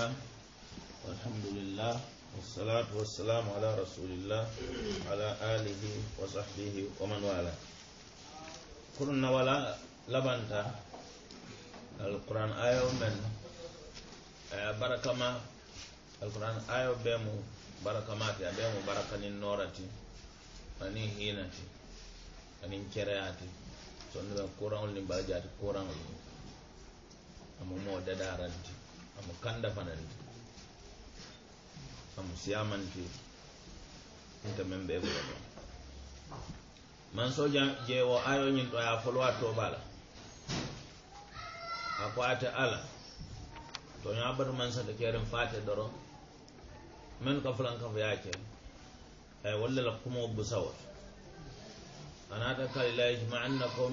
الله والحمد لله والصلاة والسلام على رسول الله على آله وصحبه ومن والاه كنا ولا لبنتا القرآن آية من آه، بركما القرآن آية بيمو بركمات يا بيمو بركة النورة أني هينتي أني كرياتي سنبقى كورا ولنبقى جاتي كورا ولنبقى أمو مو ددارتي amu kanda fana ni, amu ita ti nta meŋ bee bula doŋ manso jeewo ayo ñiŋ to a ye a folowaa la a ko ate ala toñaa batu maŋ sata keeriŋ faate doro meŋ ka fulaŋ kafu ye eh, ke ai walla la kumoo busawo a naata kali la yajmaannakum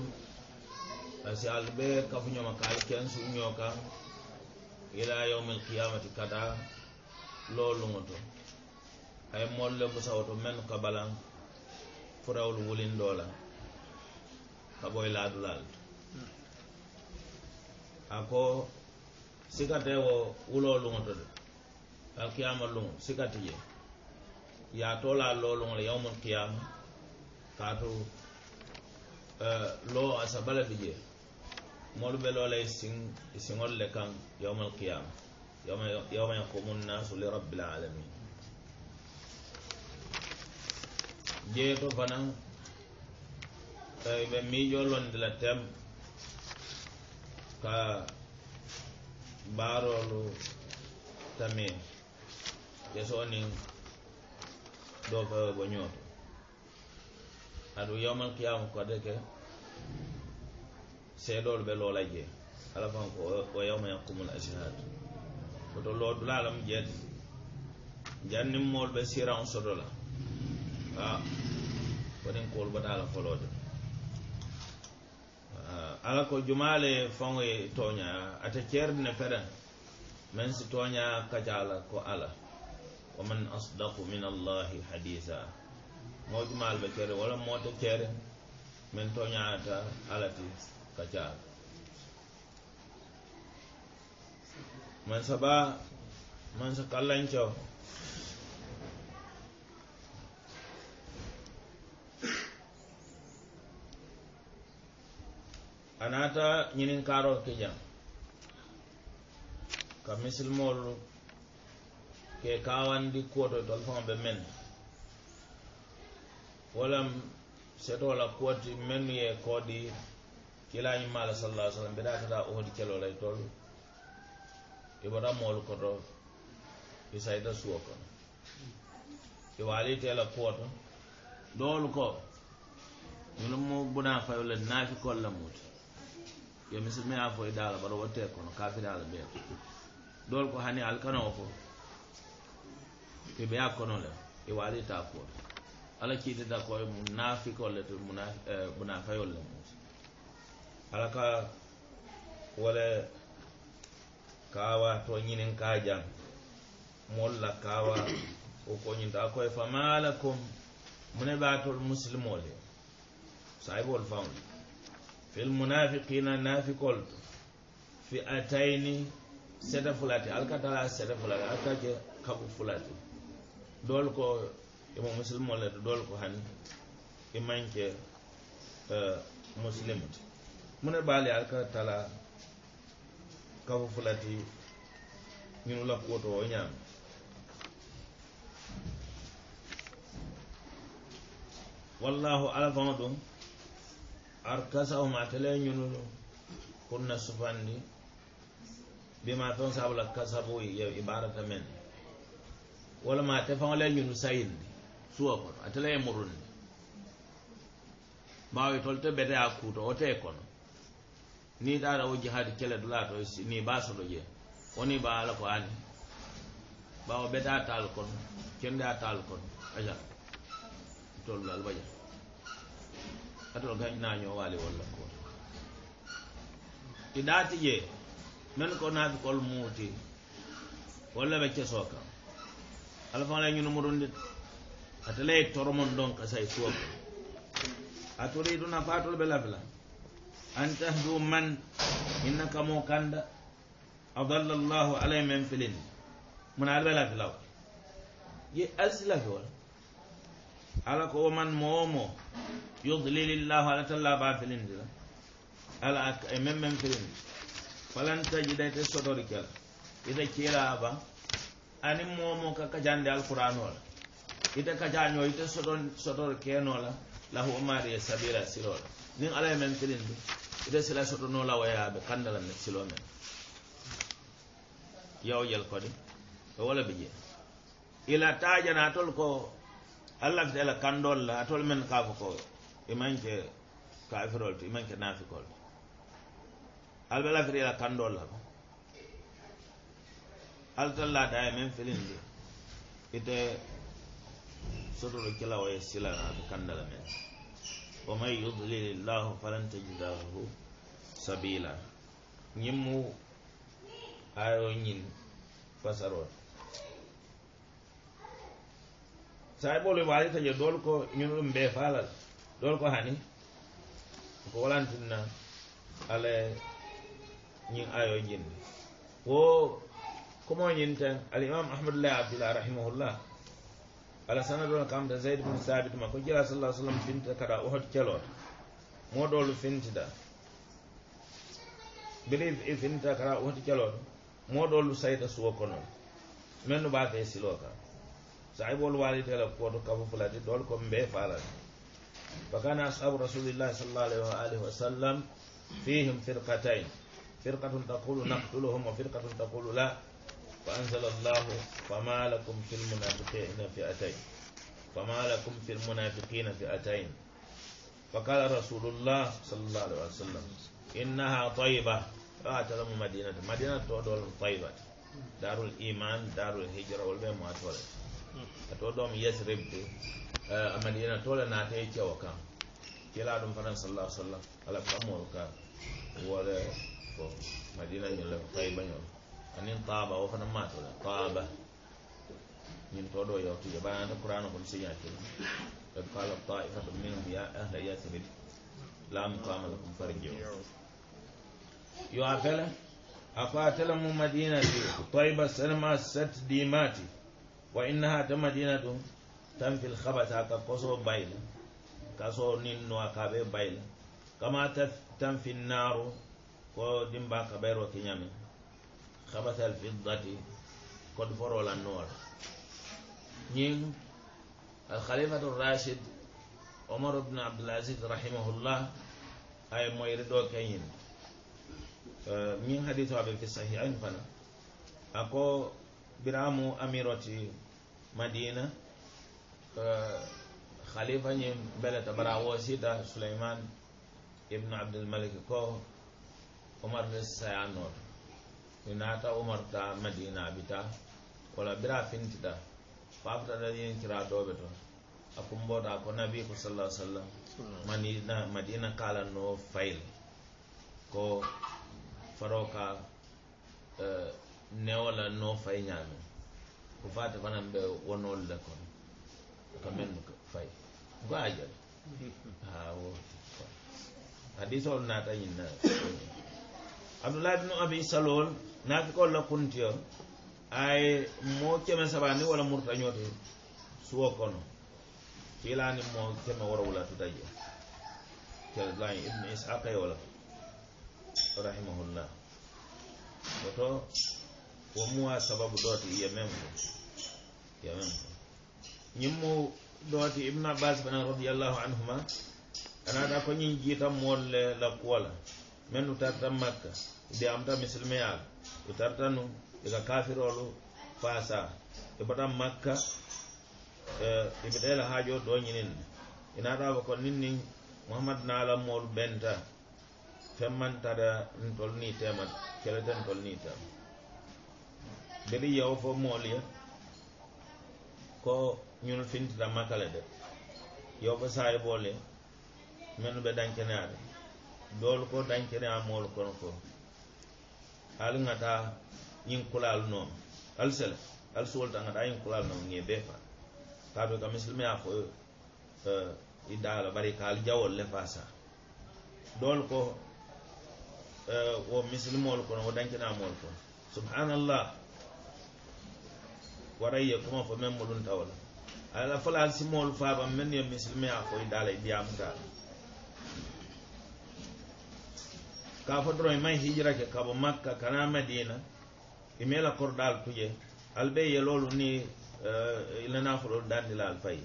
asi al bee kafu nyoma ka al keŋ suuñoo ila yawmil qiyamati kata loolungoto ay molle busawoto menu kabalan furawlu wulindo la ka boy laadulaalto a ko sikate wo wuloolungoto de alkiyama lungo sikati je yaatola loolungole yawmul qiyama kaatu eh, loo asa bala bi jee moolu be loolay siŋ siŋolu le kaŋ yowmal qiyama yowma yaqumu nnasu li rabbil alamin jeeto fanaŋ ɓe miijoo londi la tem ka baaroolu tamin yesoo niŋ doo fewe bo ñooto adu yowmal qiyama ko de ke seeɗoolu ɓe loola jee ala fan ko o yawma yakkumul ashahadu koto loodula alam jeeti janndimmoolu ɓe siran soto la a wonin koolu bata ala folooje ala ko jumaale faŋo ye tooña ate ceerdi ne feren men si tooña kaca ala ko ala wa man asdaqu min allahi hadisa moo jumaale ɓe cere wala moo te ceere min tooña ata ala ti ka caag man saba man sa kallanco anata ñinin kaaro ke jang ka misilmol ke kawandi kuwoto tol fama ɓe men wolam setola kuwoti menuye koɗi kilañimmaala salalah sallam mbe ɗaatata ohodi keloo lay e tollu iwota e moolu koto isayta e suwo kono iwaaliteela kuwoto doolu ko ñunu mu buna fayo le naafikol la muuti yo misilme a fo i daala bara wotte kono kafiri ala ɓeeko doolu ko hani alkanoo fo keɓeya kono le iwaalita kuwoto ala kiitita koye mu naafikol le to munaa bunaa fayol le mu eh, alaka wala kawa to ñinin ka jang molla kawa o koñinta a koye famala kom mune ɓatol musilmole sahibol fawn fil munafiqina nafikol fi ataini sete fulati alkatala sete fulati alkake kaɓu fulati dol ko imo musilmole to dol ko hani imanke uh, eh, muslimti mune baali al ka tala kafo fulati ñinu la kuwoto o ñaam wallahu ala faŋo ɗum arkasahum atele ñunu kunna sufandi bima ton saabu la kasabu ye ibarata men wala walama ate faŋo le ñunu sayindi suwo kono atele ye murundi mbawo itolu te bete akuto kuuto te kono ni taata wo jihaadi kele dula to ni baa solo jee wo ni baa ala ko aani bawo bete a taal kono kende a taal kono aja tolula alba ja atol gañnaañoo waali walla koo ti daati jee men ko naafi kol muuti walla ɓe kesoo kam ala fa lay ñunu muɗum ndit ata lay toromon ɗon ka say suwo a toriiɗu na faatol ɓe lafila an tahdu man innaka mo kanda adalla llahu alay men filin mun ala bela filaw ye asila fi wala ala ko wo man mo mo yudlil llahu ala talla ba filin dila ala ak e men men filin falan tajida te sodori kel ida kila ba ani mo mo ka kajande alquran wala ida kajanyo ida sodon sodori kenola lahu umari sabira silola nin ala e men filin dila ite sila soto noo lawayaaɓe kandala ne silo men yawjal kodi e wola be jee ila taajana atol ko allah fitela kandol la atol men kaako ko imanke e kafirol to imanke e nafikol to alɓela fita ila kandol la ko altallaataye men filinde ite sotoro kilawaye silanaɓe kandala men ومن يضلل الله فلن تجد له سبيلا نمو ايونين فسروا sai bolu wali ta jodol ko ñun dum be falal dol ko hani ko walantina ale ñi ayo jinn wo ko mo ñinta al imam ahmadullah abdullah rahimahullah ala sanadol kam da zaid bin sabit ma ko jira sallallahu alaihi wasallam finta kada uhud kelot modolu fintida believe if finta kada uhud kelot modolu sayda su kono men no baate e silo ka bol wali tele ko do kafu fulati dol ko mbe faala fakana ashabu rasulillahi sallallahu alaihi wa wasallam fihim firqatain firqatun taqulu naqtuluhum wa firqatun taqulu la فأنزل الله فما لكم في المنافقين فئتين فما لكم في المنافقين فئتين فقال رسول الله صلى الله عليه وسلم إنها طيبة أعتلم آه، مدينة مدينة تودول طيبة دار الإيمان دار الهجرة والبيم واتولد أتودوم يسرب آه، مدينة تولد ناتي وكام كلا دم فرن صلى الله عليه وسلم على كم وكام ولا مدينة ñol طيبة tay anin taaba wo fana maato la taaba min to ɗo yewtuje bayanata qourana kon siñatir ɓeɓe kala taifata minhum ya ahla yasrib lamuqama lakum farji o yo a fele a fatela mu madinati toyba selma set dimati wa innaha ta madina ɗum tan fil habata ka koso bayla kaso ninno a kaɓe bayla kama tan finnaaru ko dimba kaɓayro ke ñamen خبث الفضة قد فروا النور نين الخليفة الراشد عمر بن عبد العزيز رحمه الله أي ميردو كين من حديث أبي في الصحيحين فنا أكو برامو أميرتي مدينة خليفة نيم بلت براوو سيدا سليمان ابن عبد الملك كو عمر بن السيانور i naata umarta madina bita wala bira fintita faftata yin kira doɓe to a kumbota ko nabi ko sala sallam madina madina kalanno fayl ko faro ka uh, e, newola no fay ñaami ko fata fanan ɓe wonol le kon ko men fay go ajal awo hadis ol naata yinna abdoulah bnu abi salol naafi ko la kuntiyo ay mo keme sabani wala murta ñoti suwo kono filani mo keme woro wula tu daje kelai ibn ishaq ay e wala rahimahullah woto wo muwa sababu doti iya mem ko iya mem ko ñim mu doti ibn abbas bana radiallahu anhuma anaɗa ko ñin jiitan mool le la kuwola men nu tarta makka de am ta misilmeyaala ɓe tartanu ɓeka kafirolu faasa ɓe mbaɗan makka ɓeɓe ɗela haajo ɗoñininde ina ɗaba kon nin ni mouhamad naalanmolu benta femmantada ntol ni tema kelete ntol ni tema mbeɗi yaw fo mooliya ko ñun fintita makkale de yaw fo saayiboole men ɓe dañkene aɗe doolu ko dañkene a moolu kono ko ali ŋata ñiŋ kulaalu nooma ali se le ali suwo le ta ŋata ñiŋ kulaalu nooma ŋee bee faa kaatu ka misilima ye a fo i daa la bari ka ali jawolu le faa saa doolu ko wo misilimoolu kono wo dankinaamoolu kono subhanallah wara ye kuma fo meŋ muluntawo la ala fo la ali simoolu faa ba meŋ ye misilima ye a fo i daa la i diyaamutaa la kafo doro ima e hijirake kabo makka kana madina imela e kordal kuje albe yelolu ni uh, eh, ilanafolol dandila alfay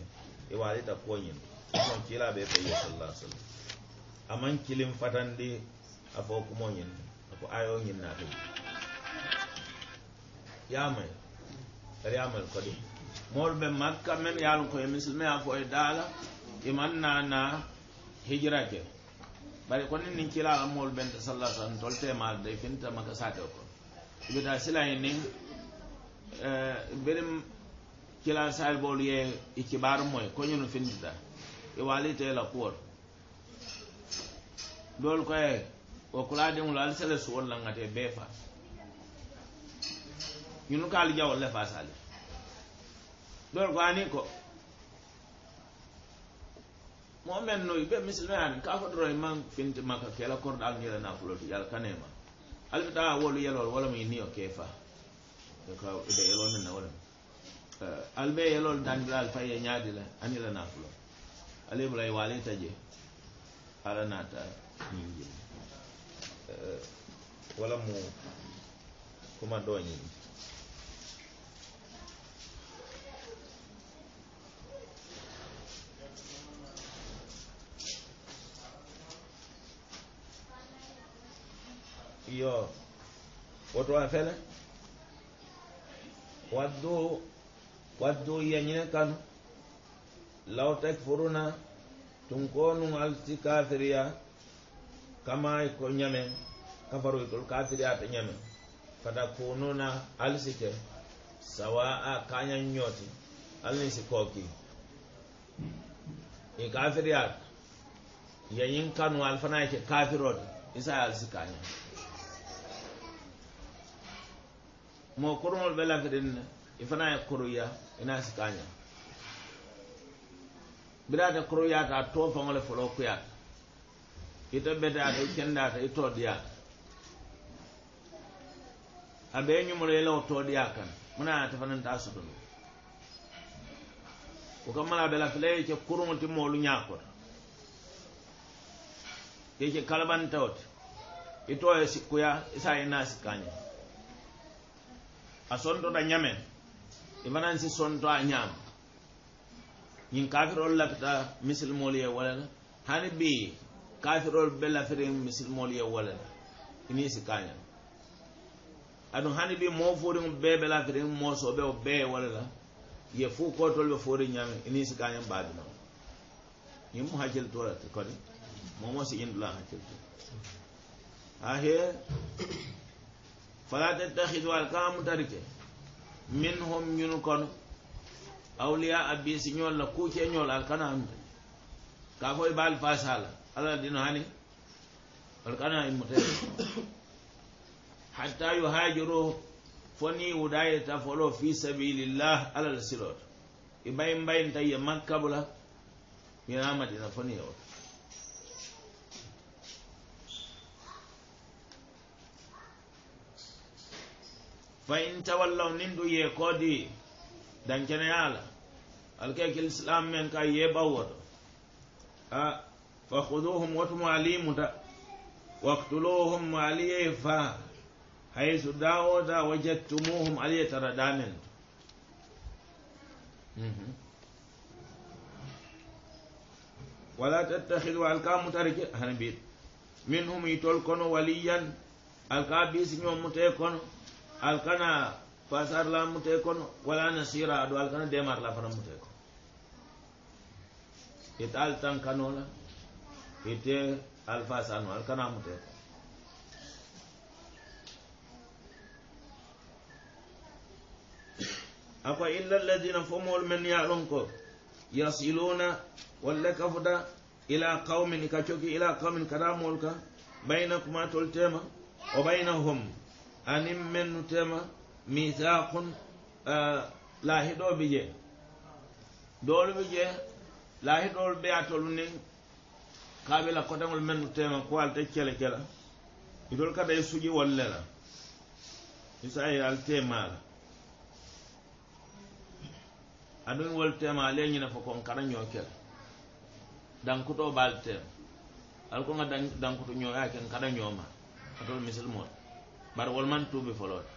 iwalita e koñin kumo cilaɓe paye sala sallam aman cilim fatandi afo kumoñin ako ayo ñinnata yamay yamal kadi mol ɓe makka men yalu koye musilme afo e dala imannana hijirake bari ko nin nin kilala mool benta sallah sallam tol temal day finta maka sate ko ibita silayi nin eh, benim kilal sal bol ye i kibar moy ko ñunu findita i walite la kuwor dol koye o kula dimulo al sele suwon la ngate be fa ñunu kal jawol le fa sali dol ko ani ko momen no ɓe misilma ani ka fotoro e man finte makka kela korɗo alu yela nafoloto yal kanema alfi ta wolu yelol wala ma niyo ke fa ɓe yelo nana wala eh, alɓe yelol dandira al faye ñaadi la an yela nafolo ala ibrahi wale taje ala eh, nata ñingil wala mo koma ɗo ñingi yo woto a fele wd wadd yeñie kan lata furuna tunkonun alsi kafiria kamako ñame kafaruitol kafiriata ñame fata kununa alsike sawa a kaañoti alna si koki ikafriat yekan al fanayke kafirote isay alsi kaa moo koromol ɓe lanke ɗen e fana e koroya ena sikaña birata koroyata a tofangole folo kuyata i tobbetata i kendata i toɗɗiyata aɓe ñumolo yelawo toɗɗiya kan mona a tefananta sotondu o kammala ɓe lafila ye ce kurumo ti moolu ñakota yece kalabantawote i to e sikkuya isa ena sikkañaa a sontota ñame i e fanan si sonto a ñaama ñin kafirol lafita misilmoolu ye wala la hani bi kafirol be lafitin misilmoolu ye wala la i niŋ si kaña adu hani bi moo fooriŋ bee be lafitin moosoobeo bee ye wala la ye fuu kootol be foori ñaami i niŋ si kaña baadino ñiŋ mu hakkilitoo la ti kodi moo moo si ñindulaa hakkilito ahe fala tattakhidu alkamu tarike minhum ñun kono awliya abisi ñol la kuce ñol alkana imuta ka foy baal fasala ala dina hani alkana imuta hatta yuhajiru foni wudaye tafolo fi sabilillah alal siloto i mbay mbay ntaye makkabula mina madina foni yewoto فإن تولوا نندو يكودي دانجنا يالا الكيك الإسلام من كا يباور أه فخذوهم وتموا عليهم واقتلوهم عليه فا حيث داود وجدتموهم عليه ترى دانن ولا تتخذوا الكام متركة هنبيت منهم يتولكون وليا الكابيس يوم متيكون alkana fasar la mute kono wala na sira ado alkana demar la fana mute kono ita al tan kano la ite al fasar no alkana mute kono ako illa alladina fomol men yalon ko yasiluna walla kafuda ila qawmin ka coki ila qawmin kadamol ka bayna kuma tol tema o bayna hum anin mennutema misakun eh, laahiɗoɓe je doolɓe je laahiɗoɓe ɓeyatolu nin kaɓila kotagol mennutema ko alta kele kela itol kada e suƴi wallela isa ye altemala aɗum woltema ale ñina fo kon kara ño kela dankuto ɓaltema alkoga dankuto ñoya ken kaɗa ñoma atol misilmoto bari wol man tuubi folo de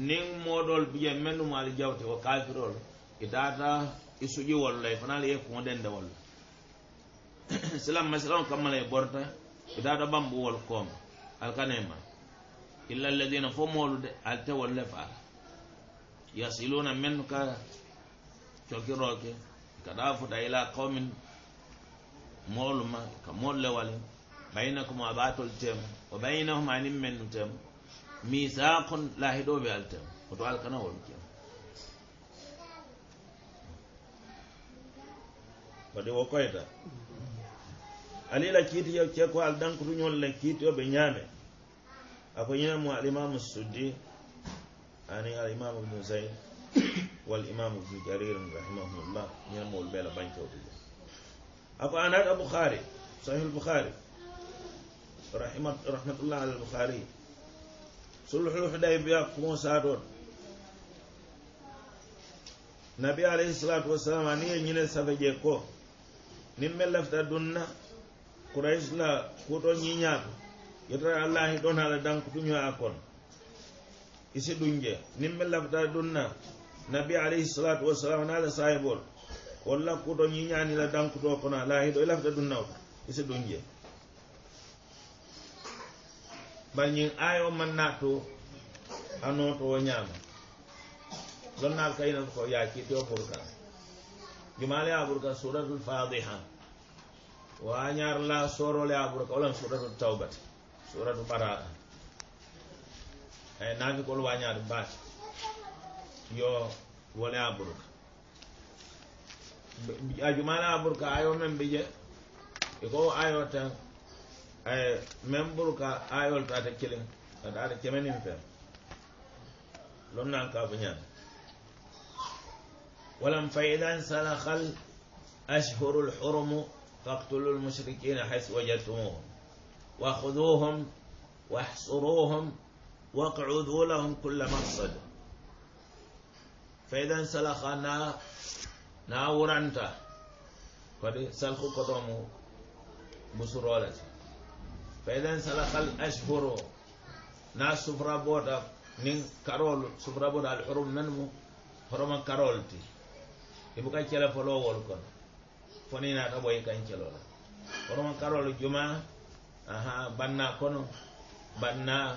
niŋ moodol bije mennu mu ali jawte wo kafirolu itaata e i e suƴi wol la i e fana ali ye kuŋo dende wol la silam masilam kamma la i borta itaata bambu wol kooma ali ka ne ma illa alladina fo moolu de ali te wol le faara yasiluna mennu ka cokiroo ke kadaa futa ila kawmin moolu ma ka moolu le walin baynakum a ɓatol tem o baynahum anin mennu tem misakon laahiɗoɓe altem koto alkana wonkem wadi wo koyta alila kiitiyo ceko aldankutuñolle kiitiyoɓe ñaame ako ñinamu alimamu suddi ani alimamu ibnu zayd wal imamu ibnu jaririn rahimahumullah ñinamuwol ɓeela bañkewtuje ako anat aboukhari sahih l boukhari rahmatullah al bouhari sulhuluhuday biya kumosaton nabi alayhi salatu wasalam ani ye ñine safeje ko nin me lafta dunna kourayis la kuto ñiñaato yetata allahi donala dankutuño a kon isi ɗunje nin me lafta dunna nabi alayhi salatu wasalam anala sahibol wolla kuto ñiñanila dankuto kono alahiɗo e lafta dunnawta isi ɗunje bari ñiŋ ayo maŋ naa anu to a nooto wo ñaama loŋ naal ka ko ya ki to burka kaŋ a suratul fadhiha wa nyar la soro le a buru ka wo loŋ suratul bara suratu barata ay eh, naati kolu wa ñaati yo wala le a buru ka a ya jumaale a ayo men bi je ko ayo tan ay même buru ka ayol ta ta kilin ada ada kemenin fe lon nan ka bunyan ولم فإذا انسلخ الأشهر الحرم فاقتلوا المشركين حيث وجدتموهم وخذوهم واحصروهم واقعدوا لهم كل مقصد فإذا انسلخ نا ناورانتا قد سلخوا قدومه بسرولته feyden salahal ashhuro na sufra booda nin karol sufra booda al hurum nan mu horoma karol ti ibu ka cele folowol kon foninata ɓoyi kan celola horoma karol juma aha banna kono banna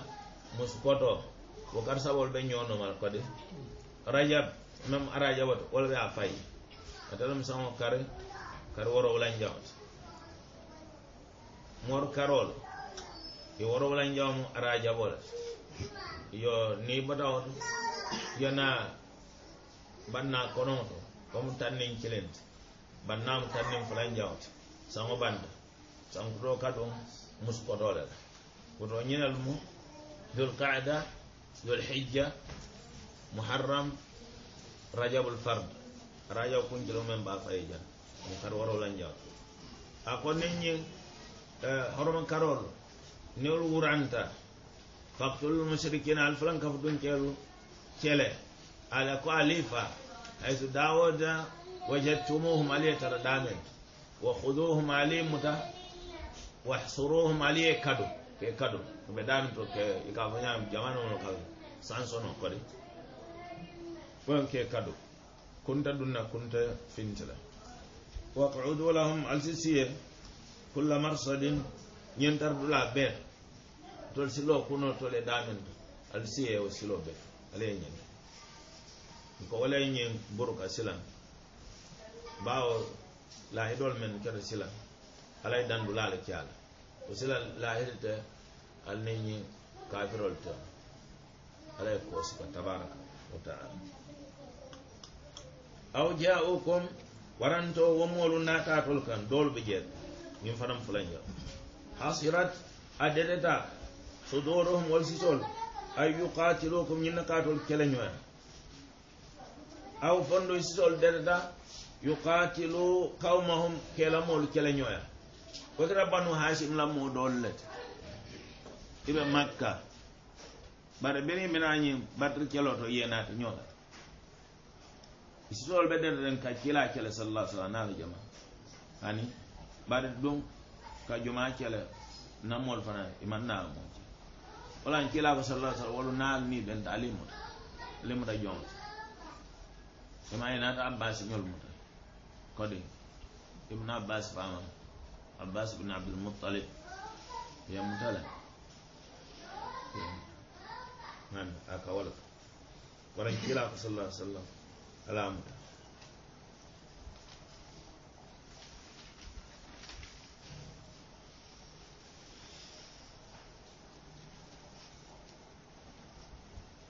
muskoto wokar sabol ɓe ñonomal kode rajab mem arajabot wolɓe a fay atalam sango kare kare woro wolan jawta mor karolo yoworowola jawmu ara jabola yo ni batawo to yona banna kono to komu tannin kilente bannamu tannin fulan jawta sango banda sankuto kado muskotolela koto ñinal mu dulkaada dulhijja muharram rajabul fard rajab kuncilo men ba faye jan mu kar worowolan jawta a konnin ñin eh, horoma karolo نور ورانتا فاقتل المشركين الفلان كفدون كيلو كيلة على كواليفا حيث داود وجدتموهم عليه تردامين وخذوهم عليه متا واحصروهم عليه كدو كي كدو بدان تو كي كافنيا جمانو كافي سانسونو كوري فهم كي كدو كنت دون كنت فينتلا واقعدوا لهم على كل مرصد ينتر بلا بيت tol siloo kunoo tole daamen to ali siye wo siloo be ala ye ñin ko wala ye ñin buruka silan bawo lahidol men kete silan ala ye dandula le ke ala wo sila lahidi te ali ni ñin kafirol te ala ye koosi ka tabaraka wa taala aw jaukum waranto wo moolu naataatol kan doolu be jeet ñin fanaŋ fulan jam hasirat a dedeta so dooro hom wol sisol ay yuqatilu kum ñinna kaatol keleñoya aw fondo sisol dereta yuqatilu kawma hum kelamol keleñoya kotira banu hasim lammo doollete iɓe makka bare beni minañi batr keloto yenate ñoota sisol ɓe dereten ka kila kele salla sallam naala jama ani bare ɗum ka juma kele nammol fana imannaamoji wala n kila ko sallallahu alaihi wasallam wala naal ni ben ta alimu alimu da jom sama ina ta abbas nyol muta kodi ibn abbas fama abbas ibn abdul muttalib ya mutala man aka wala wala n kila ko sallallahu alaihi wasallam ala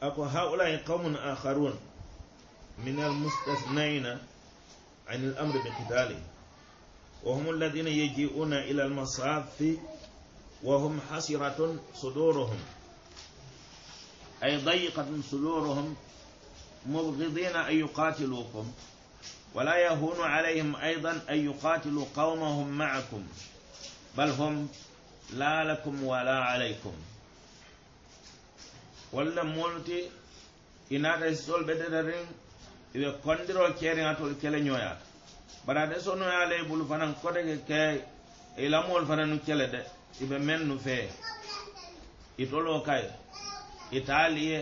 أكو هؤلاء قوم آخرون من المستثنين عن الأمر بقتاله وهم الذين يجيئون إلى المصاف وهم حسرة صدورهم أي ضيقة صدورهم مبغضين أن يقاتلوكم ولا يهون عليهم أيضا أن يقاتلوا قومهم معكم بل هم لا لكم ولا عليكم walla moonuti inaata sisol ɓeddeta ɗin iɓe kondiro keeriŋa tol kele ñoyaata bara de so noya lay bulu fanan kote ke ke ilamol fanan nu kele de ibe men nu fe itolo kay italie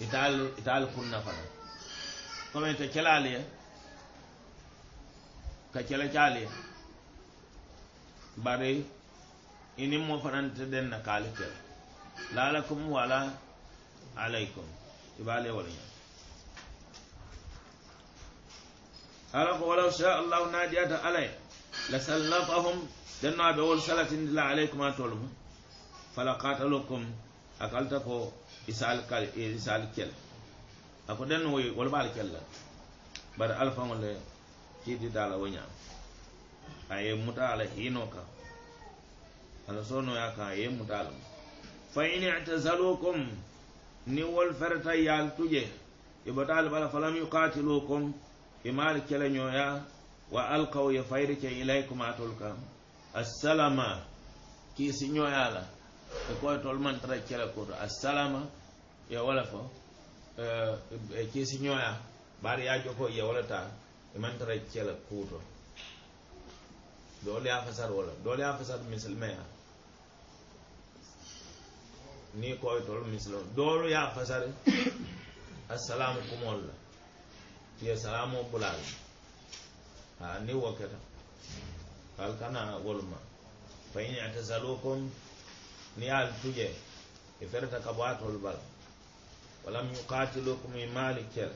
itali itali kunna fana comme te kele ali ka kele cali bari inin mo fanan te den na kali kele lalakum wala alaykum iba ale walaña ala ko walaw sha allahu nadiyata alaye la sallafahum dennoaɓe wol salatindi la alaykum a tol mu fala katalukum akalta ko isal kal isal kel ako den woy wol bal kel la bar alfa ngol le kidi dala wonya aye mutala hino ka ala sono ya ka aye mutala mu fa in i'tazalukum ni wol ferta yal tuje e botal bala falam yuqatilukum e mal kele ñoya wa alqaw ye fayri ke ilaykum atol kam assalama kiisi ñoyala e koy tol mantata kele koto assalama ye wala fo e, e kiisi ñoya bar ya joko ye wala ta e mantata kele kuto dole ya fasar wala dole ya fasar musulma ya ni koy tol misilo dolu ya fasare assalamu kumol la tiya salamu bulal ha ni woketa al kana woluma fa in i'tazalukum ni al tuje e ferata ka batol bal walam yuqatilukum min malikel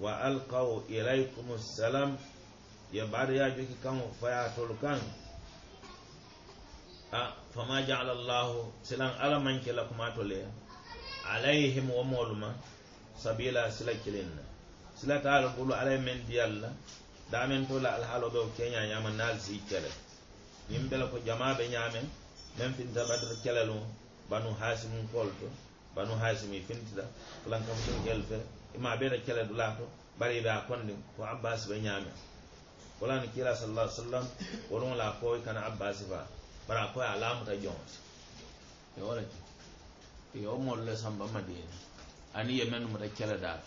wa alqaw ilaykum assalam ya bariya jiki kan fa ya tol kan a fama ja'ala allahu silan alaman kila kuma tole alaihim wa mulma sabila sila kilinna sila ta ala bulu min men diyalla da min tola al halo be kenya nyama na zi kele Min bela ko jama be nyame men fin ta badr kelelo banu hasim kolto banu hasimi fintida kulan kam sun gelfe ima be da kele dulato bari a kondi ko abbas be nyame wala ni kila sallallahu alaihi wasallam wala ko kana abbas ba fara koy a laamuta jonse yoola ki yo moolu le samba madina ani ye mennu muta kele daal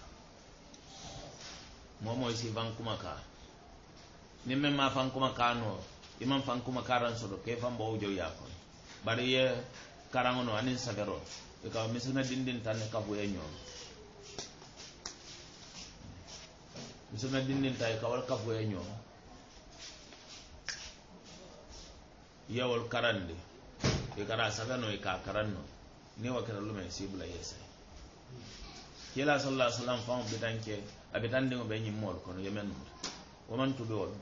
moo mooy si fankuma kaa ni men maa fankuma kaa noo imam fankuma karan sodo kee fan bowo jow yaakon bari ye karaŋo no aniŋ sagero i e ka misina dindin tan ni e kafuye ñoom misina dindin ta i e ka wala kafuye ñoom yawol karande i kata sagano i e ka karanno ni wakira lume sibula yesa kila sallah sallam fan bitan ke abitan dingo be nyimmol kono yemen mo o man tubi wol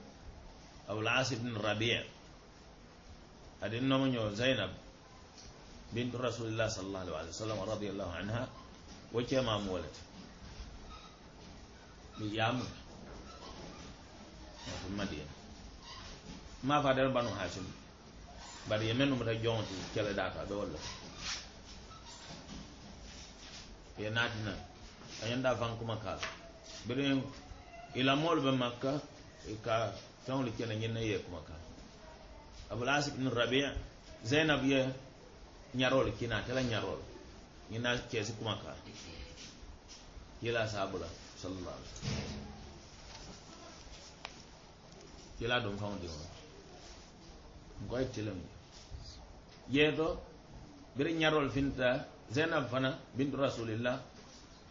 abul asib bin rabia adin nomo nyo zainab bintu rasulillah sallallahu alaihi wasallam radiyallahu anha wo ke ma mo wolata mi yamu ma fa der banu hasim bari yemen num ta jonti kele data ɓe walla ye natina ayanda fankuma kal mbeɗo hen ilamolo ɓe makka ka fewle kene ñinna ye kuma ka abulas ibnu rabia zeinab ye ñarole kina tela ñarole ñinna keesi kuma ka yila sabula sallallahu alaihi wasallam yila dum fawdi on ngoy tilam yeeto biri ñarol finta zenab fana bintu rasulillah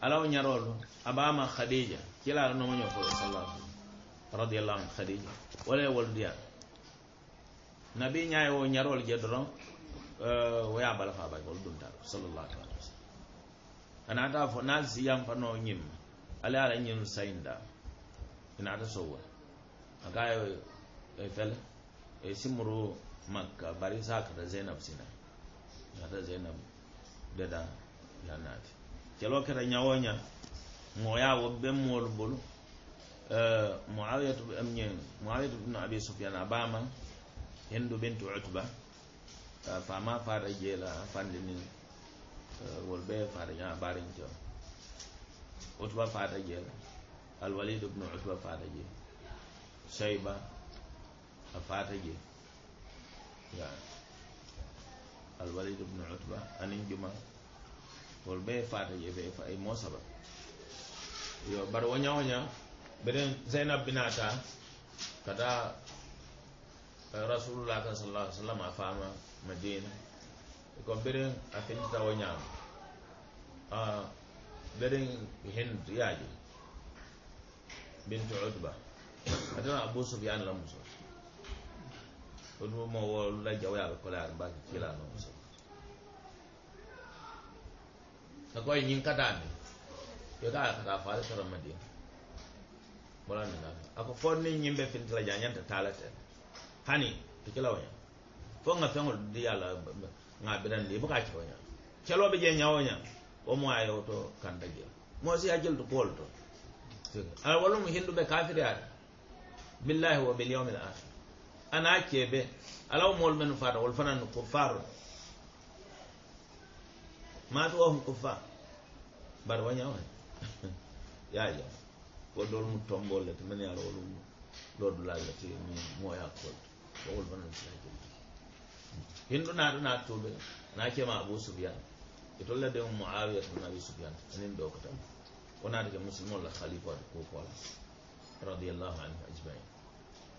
alawo ñarol abama khadija kilala nomaño fo salaa radiallahu an khadija wala waludiya nabi ñaye wo ñarol je doron euh, woya balafa bak wol duntalo salallahu alih wa sallam anata fo nasi yanfano ñim ala ala ñin sayinda inata sowwa akaye fele e simru makka bari sa kata zenab sina kata zenab dada yanati kelo kata nyawonya moya wo be mol bolu eh, muawiya tu am nyen muawiya tu na abi sufyan abama hendu bintu utba eh, fa ma fa da jela fande ni eh, wol be fa da nya barin to utba fa da jela al walid ibn utba fa da jela shayba fa da jela Ya, al walid ibn utba anin juma wol be fata je be fa ay eh, saba ya, yo bar wonya wonya beren zainab binata kada eh, rasulullah sallallahu alaihi wasallam afama madina ko beren afinta wonya a ah, beren hind yaji ya, bint utba adana abu sufyan la mo wo la ko ɗum mo wolla jawoyaɓe no so kilano musowo kako ka ñiŋ katande yo ka kata fo ale soro madina bola nana ako fo ni ñiŋ be fin fintila ja ta taala ten hani to kilawo ña fo ŋa feŋol di nga ala ŋa birandi ibuka kewo ña lo be je ñawo ña wo mo ayo to kan da jel mo si a jel to bol to ala walum hindu be kafiri ada billahi wa bil yawmil akhir anaa kee be ala wo moolu mennu faata wolu fanaŋ ni kuffaaro le maatu wo fu kuffaar bari wo ñawa yaa jam wo doolu mu tomboolu le ti mene yaala wolu loo dulaa le ti mi mooyaa kool wo wolu fanaŋ ni silaa jëlti hindu naata naa tuube naa kee ma abu sufiyaan itol la deŋ muawiya tu nabi sufiyaan anin doo ko tam wo naata ke musulmoolu la xalifaatu kuu koola radiallahu anhu ajmain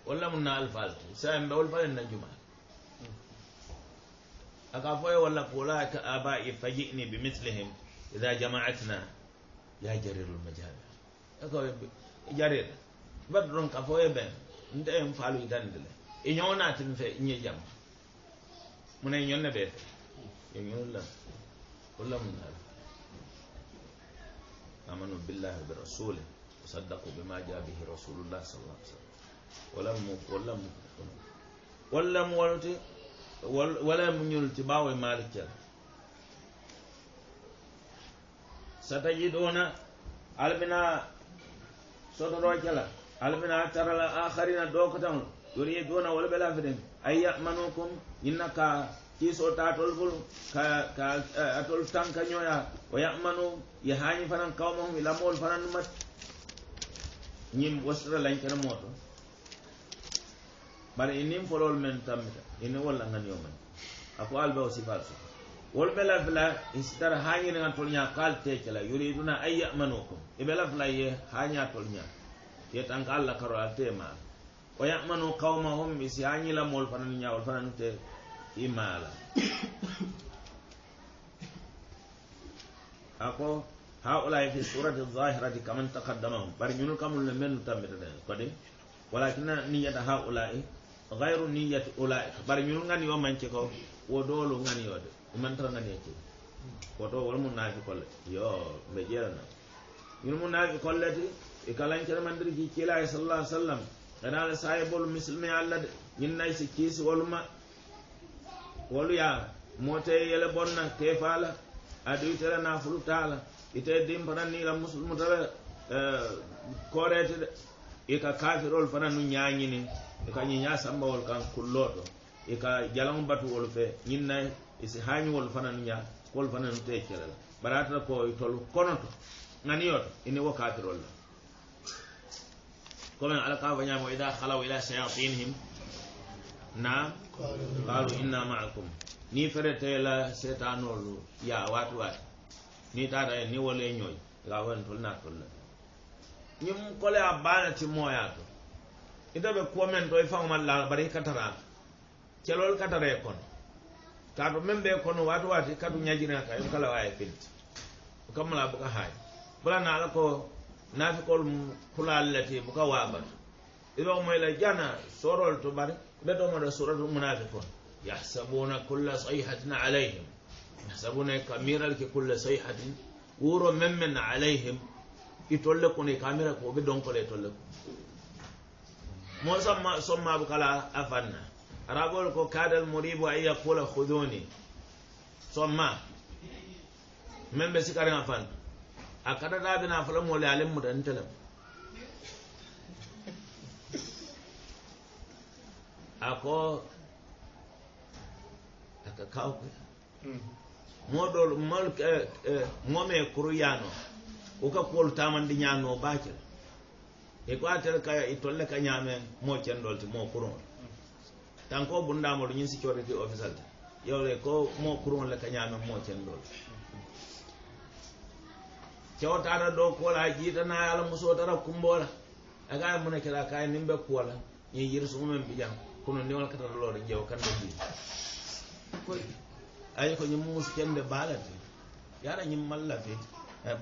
ولا من الفاظ سام بقول فلن جمال أكافوا ولا فولاك آبائي فجئني بمثلهم إذا جمعتنا يا جرير المجال أكافوا جرير بدرون كافوا بن أنت يوم فالو يتندل إنيونا تنفى إني جم من إنيونا بيت إنيونا ولا من هذا آمنوا بالله برسوله وصدقوا بما جاء به رسول الله صلى الله عليه وسلم walamu walamu walte walamu ñolti ɓawo e maali kel so taƴi ɗona almina sotoɗo kela almina tarala aharina dokatan yoriye dona wala ɓela feden ay yamano kom inna ka kiso tatol ful ka ka atol tan ka ñoya o yamano ye hañi fanan kawmo hum i lamol fanan numat ñim wostata lañkene moto bari i nin folol men tammita i ni wolla ŋaniyo mani a ko al bewo sifal soto wolu be la fila i sitara haañiriŋa tolu ña ko al tee kela yuriduna ay yamanukum i be la fila ye haaña tolu ña ye tanka al la karo al tee maala o yamanu kawma hom i si haañila moolu fanani ña wolu fanani te i maala a ko haulai fi surati zahirati kaman takaddamahum bari ñunu kamul ne mennu tammita den ko de walakina niñata haulai gayru niyati ulai bari ñun ngani o manke ko wo doolu ngani o de i mantara ngani a cegi wo do wala mu naafi kolle yo mbe jeerana ñun mu naafi kolle ti i e kalancere mandir ki kiilaye salalah ai sallam enaale saye bolu misilme allah de ñin nay si kiisi wolu ma wolu yaa moo te yele bonna keefaala adu itere naafulu taala ite dimpananiira musulmu tara eh, koreeti de i e ka kaafirol fana nu ñaañinin i e ka ñiña sambawol kan kullo to i e ka jalaŋ batu wolu fe ñiŋ na isi e haañi wolu fanaŋ ña kowolu fanaŋ te kele la bari ata ko i tolu kono to ŋaniyo to i ni wo kafirol la comme ala ka fañamo ida halaw ila shayatinihim na kalu inna maakum ni fere tee la setanolu ya waati waati ni tata ni wole ñooj i ka fan tol na tol la ñiŋ kole a baana ti mooyaa to ita ɓe komen to i e faŋoma la bari i e katara la kelol katara e kono kaato meŋ ɓe kono waati waati katu ñajina ka yo kala waye filti o kamma la buka haaji bula na ala ko naafikol mu kulaal le ti buka waabatu iɓe o moyi la jana soorol to bari ɓe domo ɗo suratu munafikon yahsabuna kulla sayhatin alayhim yahsabuna e kamiralki kulla sayhatin wuro meŋ men alayhim i tolle kono i kamira ko ɓe donkole i tolle kono moo somma sommaabu kala a fanna rabol ko kadal moribo a yakula hudoni somma men ɓe sikariŋa fan a kadadaabina fola moole alem mutantelem a ko a ka kawke hmm. moo ɗol mol moome eh, eh, kuru yaano wo ka kuolu tamandi ñaano baakel e ko atel ka i e tolle ka ñaamen mo cenndolte mo courant le tan ko bundamo ɗo ñin si codete officiel te yewle ko mo courant le ka ñaamen mo cenndolte cewtata ɗo koola jiitana ala muso tara kumboola agaa mune keɗa kaye nin ɓe koola ñin yir sumumen mbiƴan kono niwol katataloore jew kanɗe mbi ayi ko ñin mumusu cennde baalate yara ñin mallafeti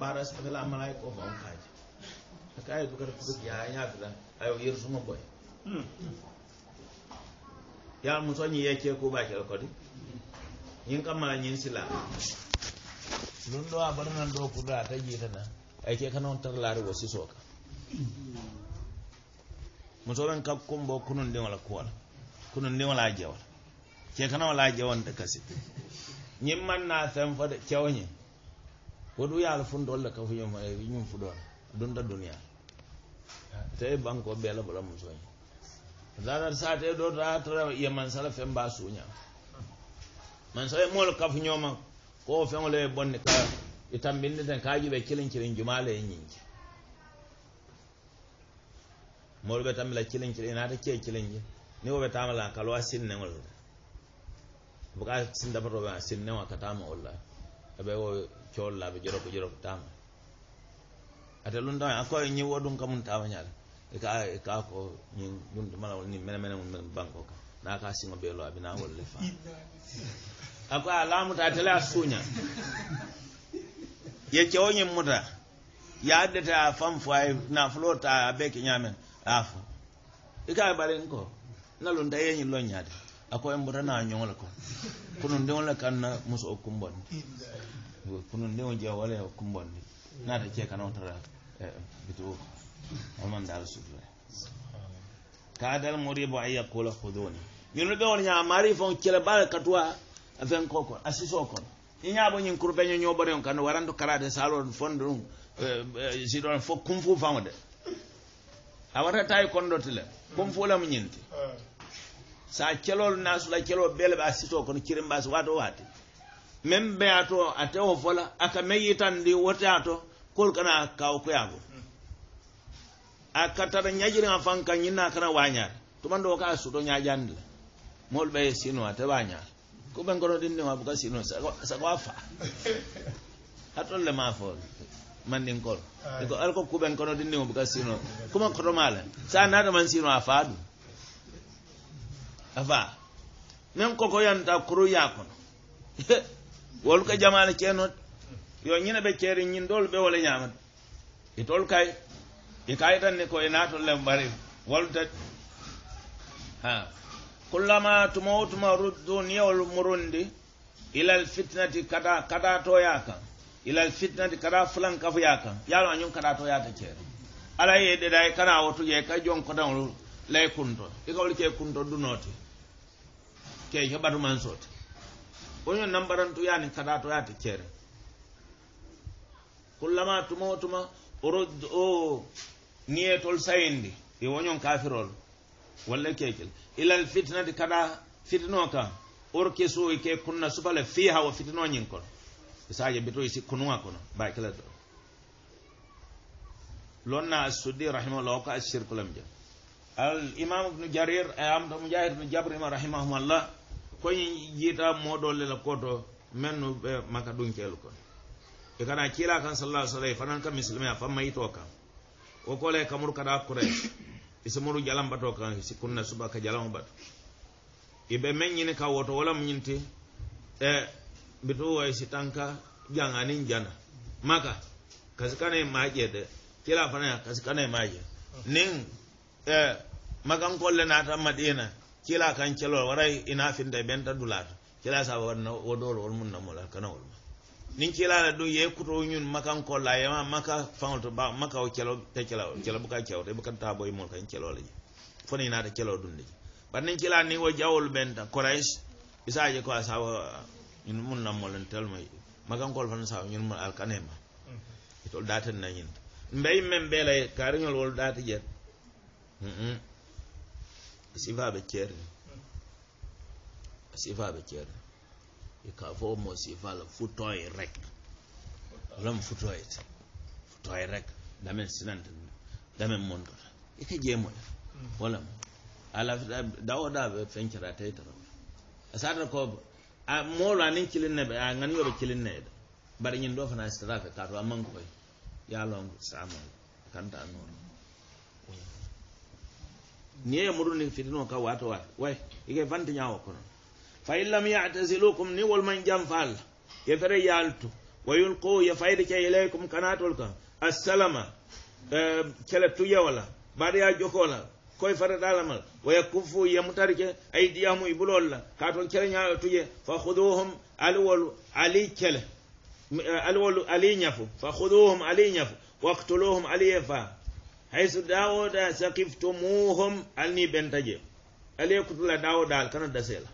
ɓaɗa sipatala malayi ko fonkaje aka tu kada kuka ya ya fita ayo yir suma boy ya mu sonyi yake ko ba ki rekodi yin kamala yin sila lun do abar nan do kuda ta ji tana ai ke kanon tar lari wasi soka mu soran kakkun bo kunun din wala ko wala kunun din wala je wala ke kana wala je wanda kasi nyim man na san fa da kyawanye ko du ya alfun dole ka fu yum yum fu da duniya tawi banko beela bola musoñi dara saate ɗo ta tara iya man sala fen mba suña man sawe moolo kafuñooma ko feŋole e bonne ka i tambinde ten kaa juɓe cilin cilin jumaale e ñiñje moolu ɓe tambila cilin cilin inaata cee cilinje ni wo ɓe taamala kaloa sinneŋol boka sindapatoɓe a sinneŋo ka taama olla eɓe wo coolla ɓe jorok jorok taama ate lun tawa a koye ñiwo ɗum ka mum taamañaade E ka e ka ko ñin ɗum ɗo mala ni mene mene mumen banko ka naka singo ɓeelo abina wolle fa a ko a laamuta tele a suuña ye cewo ñin muta ye addete a fam fo ay nafuloo ta a ɓe keñamen a fo i ka ɓarin ko nalun ta yeñin loñaade a ko en mbotana ñongola ko konon ndewo le kanna muso o kumbonndi konon ndewo jewo wala o kumbonndi naata ceekanotara eh, bitu o oman dal sutura e. ka dal mori bo ayya kola khudoni ñun be won ñaa mari fon kele bal katwa afen koko asiso ko ñaa bo ñin kurbe ñoo bare on kan warando karate salo fon dum si e, e, don fo kum fu fam de awata tay kondo tele kum fu lam ñinti sa kelol nasu la kelo bele ba asiso ko kirim bas wato wati men be ato atewo fola aka meyitan di wote ato kol kana kaw ko yago mm. a kartata ñajiriŋa faŋ ka ñinna kana wañaata tumando ka a soto ñajandi la moolu baye sino ate wañaa ko ɓen kono dindiŋa buka sino sago a fa hatol le ma fo mandin kol ko ala ko kuɓen kono dindiŋo buka sino kuma kotoma le sa naataman sino a faa du a faa meŋ koko yanta kuru ya kono wolu ka jamala ceno yo ñina ɓe ceeri ñin dolu ɓe wole ñamat itolu kay e kay tan ne koye naatolle ɓari walta ha kullama tuma o tuma ruddu niyawol murundi ilal fitnati kata kata toya kan ilal fitnati kata fulan kafuya kan yaalo añum kata toyata ceere ala ye ɗeɗa e kana wotuƴe ka jon kotanol lay kunto i kawol ke kunto dunote ke heɓatuman sote oñon nambarantu yani kata toyata ceere kullama tuma o tuma o ruddu o niyetol sayindi i woñon kafirol walla kekel ilal fitnati kada fitino kan orkesoo ke kunna subale fiha wo fitinoñin kono e saje bito isi kunuwa kono bakilato lonna a suddi rahimahullah oko a circulam ja al imam ibnu jarir e amta mujahid ibnu jabrima rahimahumallah koñi jiita moɗolle la e koto men nu ɓe maka ɗunkelu kono e kana kiila kan sallah alah sallam fanan kam misilmé a fammayito kan wo kole kamaru kata kure isimaru jalan bato kan si kunna suba ka jalan bato ibe men yini ka woto wala mu yinti e bitu wa isi tanka janga nin jana maka kasi kana ma je de kila fana ya kasi kana ma je nin e maka kolle na ta madina kila kan chelo warai ina finde benta dulat kila sa wonno wodoro wol mun namola kana wol nin kilala do yekuto ñun makan ko la yama maka fanto ba maka o kelo te kelo kelo buka kelo te buka ta boy mol kan kelo la ji foni na ta kelo dundi ban nin kilala ni wo jawol ben ta quraish isa je ko sa wo ñun mun na molen tel may makan ko fan sa ñun mo al kanema mhm. to datan na ñin mbey mem bele karinol wol datu jet hmm sifa be cer mhm. sifa be cer E ka fo mosi fala futoy rek lam futoyte futoy rek damen sinant damen montota eke jeemoya wolam ala dawoɗaɓe fencata teytara asata ko a moolo anin cilinneɓe a gan yoɓe cilinneyɗa mbaɗa ñin ɗo fana sitatafe kato a mankoy yalongo samongo kanta noon niye muɗum ni fitino ka wata wata way ike fante ñawo konon فإن لم يعتزلوكم نول من جنفال يفر يالتو ويلقوا يفايدك إليكم كناتولك السلامة كلتو يولا باريا جوكولا koye faradaalamal wa yakuffu yemutarike aydiyamu e bulol la ka toon kele ñaayo tuje fa huduhum aliwolu ali kele aliwolu ali ñafu fa huduhum ali ñafu waktuluhum ali ye fa haysu dawoda sakiftumuhum alni ɓentaje ali ye kutula dawodaal kana dasela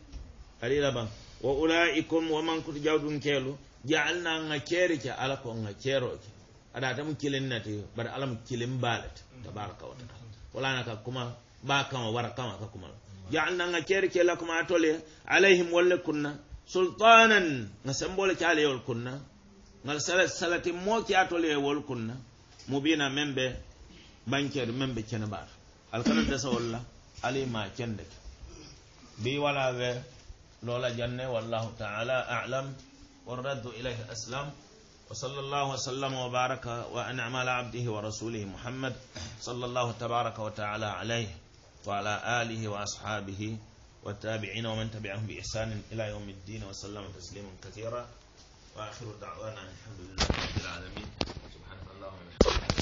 ari laban wa ulaikum wa man kutu jawdun kelu ja'alna nga kere ke ala ko nga kero ke ada tam kilin nati bar alam kilin balat tabaraka wa ta'ala wala naka kuma ba kama wara kama ka kuma ja'alna nga kere ke lakuma tole alaihim wal kunna sultanan nga sambole ke ala yol kunna ngal salat salati mo ke atole wal kunna mubina membe banker membe kenabar alkana da sawalla alima ma bi wala ve لولا جنة والله تعالى أعلم والرد إليه أسلم وصلى الله وسلم وبارك وأنعم على عبده ورسوله محمد صلى الله تبارك وتعالى عليه وعلى آله وأصحابه والتابعين ومن تبعهم بإحسان إلى يوم الدين وسلم تسليما كثيرا وآخر دعوانا الحمد لله رب العالمين سبحانك اللهم وبحمدك